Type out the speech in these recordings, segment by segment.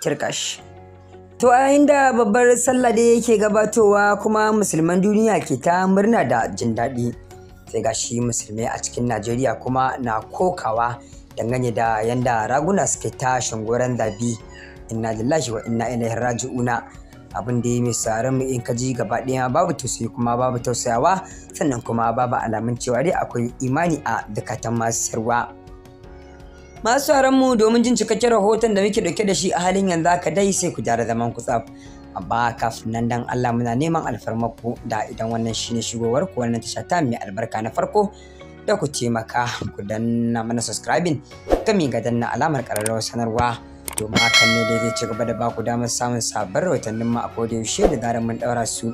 kirkash to a yayin da babbar sallah da yake gabatowa kuma musulman duniya ke ta murna da jin daɗi sai ga shi musulmai a cikin najeriya kuma na kokawa dangane da yanda raguna suke ta shangoran zabi inna lillahi wa inna ilaihi raji'una abin da ya mai mu in ka ji gaba ɗaya babu tausayi kuma babu tausayawa sannan kuma babu alamun cewa dai akwai imani a dukatan masu sayarwa masu mu domin jin cikakken rahoton da muke dauke da shi a halin yanzu haka dai sai ku jara zaman ku tsaf amma kafin nan dan Allah muna neman alfarmarku da idan wannan shine shigowar ku wannan tasha ta mai albarka na farko da ku taimaka ku danna mana subscribing kami ga danna alamar ƙararrawar sanarwa domin hakan ne da zai ci gaba da baku damar samun sabbin rahotannin mu a kodayaushe da zarar mun daura su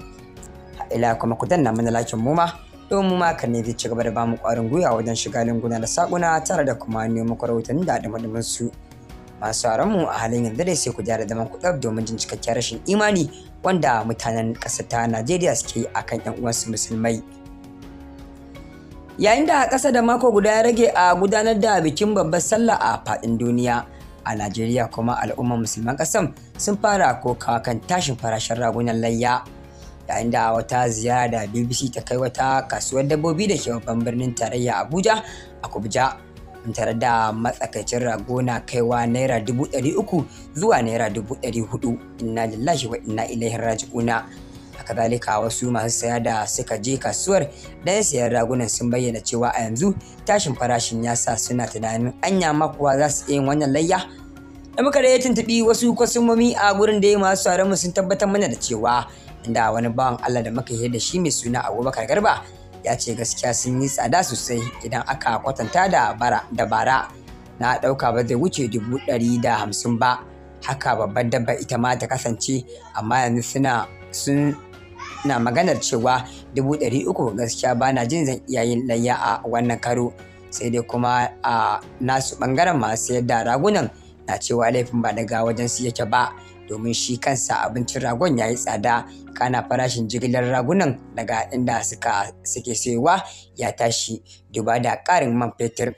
ila kuma ku danna mana lakin mu ma domin maka ne zai ci gaba da bamu kwarin gwiwa wajen shiga linguna da sakuna tare da kuma nemo muku rahotanni da su. Masu mu a halin yanzu dai sai ku da zaman ku ɗab domin jin cikakken rashin imani wanda mutanen ƙasar ta Najeriya suke yi akan 'yan uwansu musulmai. Yayin da kasa da mako guda ya rage a gudanar da bikin babbar sallah a faɗin duniya, a Najeriya kuma al'ummar musulman ƙasar sun fara kokawa kan tashin farashin ragunan layya. yayin da wata ziyara da bbc ta kai wata kasuwar dabbobi da ke babban birnin tarayya abuja a kubja tare da matsakaicin rago na kaiwa naira dubu ɗari uku zuwa naira dubu ɗari hudu inna lillahi wa inna ilaihi raji'una A zalika wasu masu saya da suka je kasuwar ɗaya sayan ragunan sun bayyana cewa a yanzu tashin farashin ya sa suna tunanin anya makuwa za su yin wannan layya da muka da ya tuntuɓi wasu kwasumomi a gurin da ya masu mu sun tabbatar mana da cewa inda wani bawan Allah da muka yi da shi mai suna Abubakar Garba ya ce gaskiya sun yi tsada sosai idan aka kwatanta da bara da bara na ɗauka ba zai wuce dubu ɗari da hamsin ba haka babban dabba ita ma ta kasance amma yanzu suna sun na maganar cewa dubu ɗari uku gaskiya ba na jin zan iya yin layya a wannan karo sai dai kuma a nasu ɓangaren masu sayar da ragunan na cewa laifin ba daga wajen su yake ba domin shi kansa abincin ragon ya yi tsada kana farashin jigilar ragunan daga inda suka suke sayowa ya tashi duba da ƙarin man fetur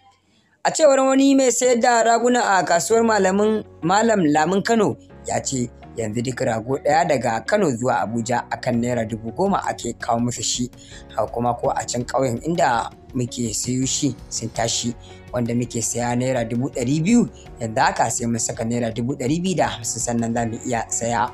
a cewar wani mai sayar da raguna a kasuwar malamin malam lamin kano ya ce yanzu duk rago ɗaya daga kano zuwa abuja akan naira dubu goma ake kawo musu shi ha kuma ko a can ƙauyen inda muke sayo shi sun tashi wanda muke saya naira dubu ɗari biyu yanzu haka sai mun saka naira dubu ɗari biyu da hamsin sannan za mu iya saya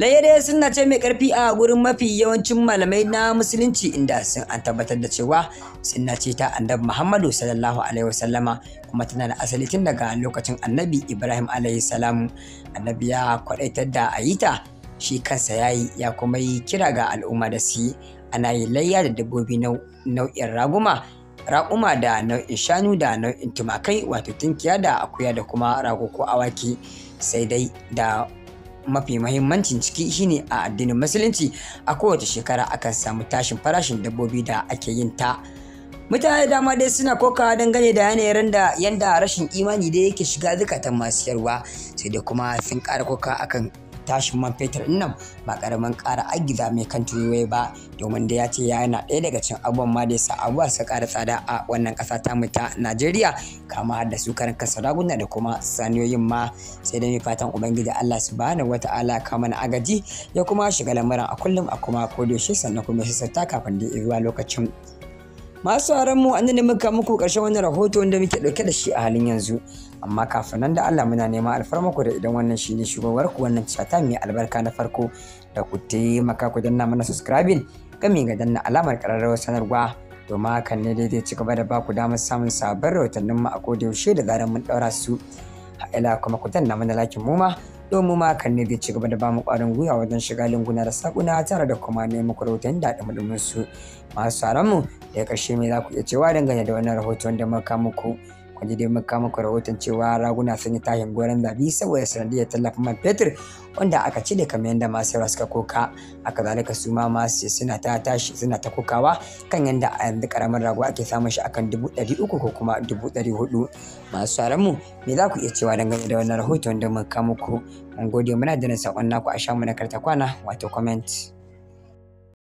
Laye dai sun ce mai karfi a gurin mafi yawancin malamai na musulunci inda sun an tabbatar da cewa sun ce ta annabi Muhammadu sallallahu alaihi wasallama kuma tana da asali tun daga lokacin annabi Ibrahim alaihi salam annabi ya kwadaitar da ayita shi kansa ya yi ya kuma yi kira ga al'umma da su ana yi layya da dabbobi nau'in raguma raƙuma da nau'in shanu da nau'in tumakai wato tunkiya da akuya da kuma rago ko awaki sai dai da mafi mahimmancin ciki shine a addinin musulunci a kowace shekara akan samu tashin farashin dabbobi da ake yin ta mutane dama dai suna koka gane da yanayin da yanda rashin imani da yake shiga zukatan masu yarwa sai da kuma sun ƙara koka akan tashin man fetur nan ba karamin ƙara agiza mai kan tuyoyi ba domin da ya ce yana ɗaya daga cikin abubuwan ma da yasa abubuwa suka ƙara tsada a wannan ƙasa ta mu ta Najeriya kama har da su karan kansa raguna da kuma saniyoyin ma sai da mai fatan ubangiji Allah subhanahu wata'ala kama na agaji ya kuma shiga lamarin a kullum a kuma shi sannan kuma shi sarta kafin da ya zuwa lokacin masu mu an ne muka muku karshe wannan rahoto wanda muke ɗauke da shi a halin yanzu amma kafin nan da Allah muna nema alfarmako da idan wannan shine shugabar ku wannan chata mai albarka na farko da ku taimaka ku danna mana subscribing gami ga danna alamar ƙararrawar sanarwa ma kan ne dai zai ci gaba da ba ku damar samun sabon rahotannin mu a koda yaushe da zaran mun ɗaura su ila kuma ku danna mana lakin mu ma domin ma kan ne zai ci gaba da bamu kwarin gwiwa wajen shiga linguna da sakuna tare da kuma neman rahoton da ɗumuɗumin su masu tsaron mu da ƙarshe mai za ku iya cewa dangane da wannan rahoton da muka muku a dai muka muku rahoton cewa raguna sun yi tashin goron zabi saboda sanadiyar tallafin man fetur wanda aka ci da kamar yadda masu yawa suka koka aka zalika su ma masu suna ta tashi suna ta kokawa kan yadda a yanzu karamin rago ake samun shi akan dubu ɗari uku ko kuma dubu ɗari hudu masu mu me za ku iya cewa dangane da wannan rahoton da muka muku mun gode muna da sakon naku a shamu na karta kwana wato comment